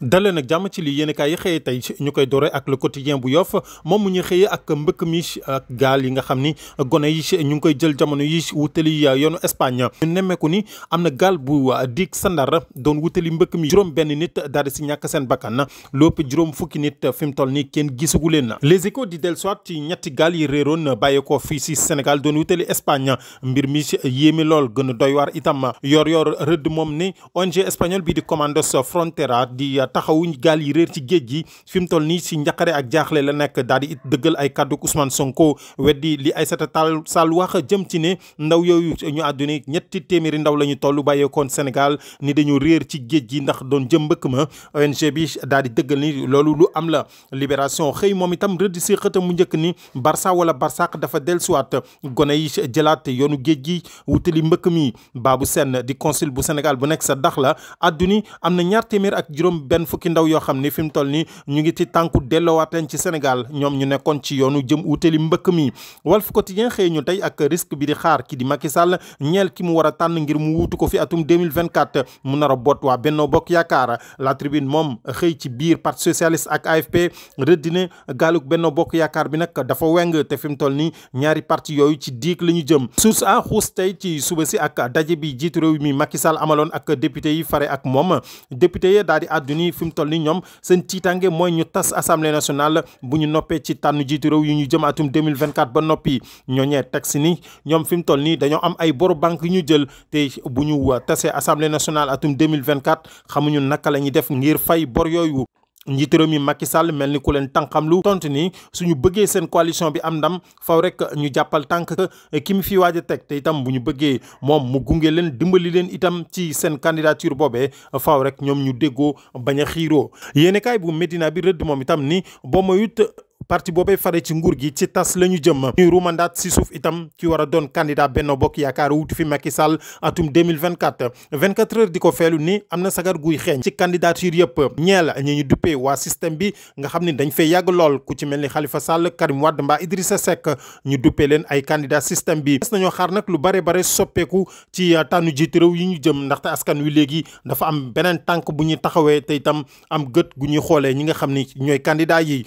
dalee nag jàmm ci lii yéen yi xëyee tey ñu koy dore ak le quotidien bu yof moom mu ñu xëyee ak mbëkk mi gaal yi nga xam ni gone yi ñu ngi koy jël jamono yi wutali yoonu Espagne ñu nemmeeku ni am na gaal bu diig sandar doon wutali mbëkk mi juróom benn nit daal si ñàkk seen bakkan lépp juróom fukki nit fi mu toll ni kenn gisagu leen na les échos di del soit ci ñetti gaal yi réeroon bàyyeekoo fii si Sénégal doon wutali Espagne mbir mi yéemi lool gën doy waar itam yor yor rëdd moom ni ONG bi di Commandos Frontera di ci taxawu gaal yi réer ci géej gi fi mu toll nii si njaqare ak jaaxle la nekk daal di it dëggal ay kàddu Ousmane Sonko weddi li ay Aïssata Tall Sall wax jëm ci ne ndaw yooyu ñu àdduna ñetti téeméeri ndaw la ñu toll bàyyeekoon Sénégal ni dañu réer ci géej gi ndax doon jëm mbëkk ma ONG bi daal di dëggal ni loolu lu am la libération xëy moom itam rëdd si xëtam mu njëkk ni barsa wala Barsaq dafa dellusiwaat gone yi jëlaat yoonu géej gi wutali mbëkk mi Babou Sène di consul bu Sénégal bu nekk sa juróom benn fukki ndaw yoo xam ni fi mu toll ni ñu ngi ci tànku delloowaat leen ci Sénégal ñoom ñu nekkoon ci yoonu jëm wutali mbëkk mi Walf Quotidien xëy ñu tey ak risque bi di xaar ki di Macky Sall ñeel ki mu war a tànn ngir mu wuutu ko fi atum 2024 mu nar a boot waa Benno Bokk Yaakaar la tribune moom xëy ci biir parti socialiste ak AFP rëddine gaaluk Benno Bokk Yaakaar bi nag dafa weng te fi mu toll ni ñaari parti yooyu ci diig la ñu jëm source a tey ci suba si ak daje bi jiitu réew mi Sall amaloon ak député yi fare ak moom député yi daal di États-Unis fi mu toll ni ñoom seen tiitange mooy ñu tas assemblée nationale bu ñu noppee ci tànn jiitu réew yu ñu jëm atum 2024 ba noppi ñooñee teg si ni ñoom fi toll nii dañoo am ay boro banque yu ñu jël te bu ñu tasee assemblée nationale atum deux mille 2024 xamuñu naka la ñuy def ngir fay bor yooyu njiitu réew mi Macky Sall mel ni ku leen tànqamlu tontu ni su ñu bëggee seen coalition bi am ndam faw rek ñu jàppal tànk ki mu fi waaj a teg te itam bu ñu bëggee moom mu gunge leen dimbali leen itam ci seen candidature boobee faw rek ñoom ñu déggoo bañ a xiiroo yéenekaay bu Medina bi rëdd moom itam ni boo moyut parti boobee fare ci nguur gi ci tas la ñu jëm ñuy rumandaat si suuf itam ci war a doon candidat Benno Bokk Yaakaar wutu fi Macky Sall atum 2024 24 heures di ko feelu ni am na sagar guy xeeñ ci candidature yëpp ñeel ñi ñu duppee waa système bi nga xam ne dañ fay yàgg lool ku ci mel ni xalifa Sall Karim Wade mbaa Idrissa Seck ñu duppee leen ay candidat système bi des nañoo xaar nag lu bare bare soppeeku ci tànnu jiitu réew yi ñu jëm ndaxte askan wi léegi dafa am beneen tànk bu ñuy taxawee te itam am gët gu ñuy xoolee ñi nga xam ni ñooy candidat yi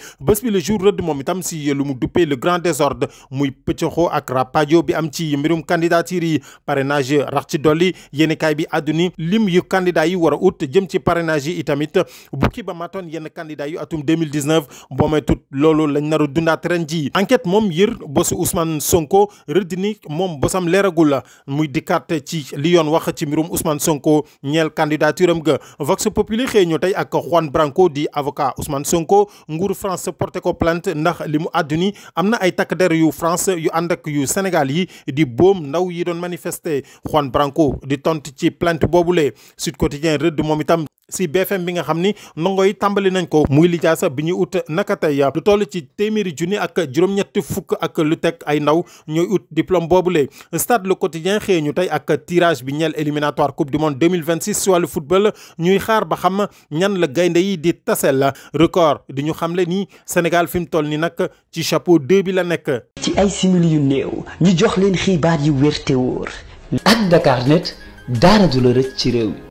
rëdd moom itam si lu mu duppee le grand désordre muy pëccëxoo ak rapajo bi am ci mbirum candidature yi parrainage rax ci dolli yéenekaay bi àdduni lim yu candidat yi war a ut jëm ci parrainage yi itamit bukki ba matoon yenn candidat yu atum 2019 boo may tut loolu lañ nar a dundaat ren ji enquête moom yër bosu Ousmane Sonko rëdd ni moom bosam leeragul la muy dikkaat ci li yoon wax ci mbirum usman Sonko ñeel candidature am ga Vox Populi xëy tey ak Juan Branco di avocat sant ndax li mu àdduni am na ay takk der yu France yu ànd ak yu Sénégal yi di boom ndaw yi doon manifester Juan Branco di tont ci plainte boobule Sud Quotidien rëdd moom itam si BFM bi nga xam ni ndongo yi tàmbali nañ ko muy lijaasa bi ñuy ut naka tey lu toll ci téeméeri junni ak juróom-ñetti fukk ak lu teg ay ndaw ñooy ut diplôme boobule stade le quotidien xëy ñu tey ak tirage bi ñeel éliminatoire coupe du monde 2026 si wàllu football ñuy xaar ba xam ñan la gaynde yi di tase la record di ñu xamle ni Sénégal fi mu toll ni nag ci chapeau 2 bi la nekk ci ay simili yu néew ñu jox leen xibaar yu wér te wóor ak Dakarnet dara du la ci réew mi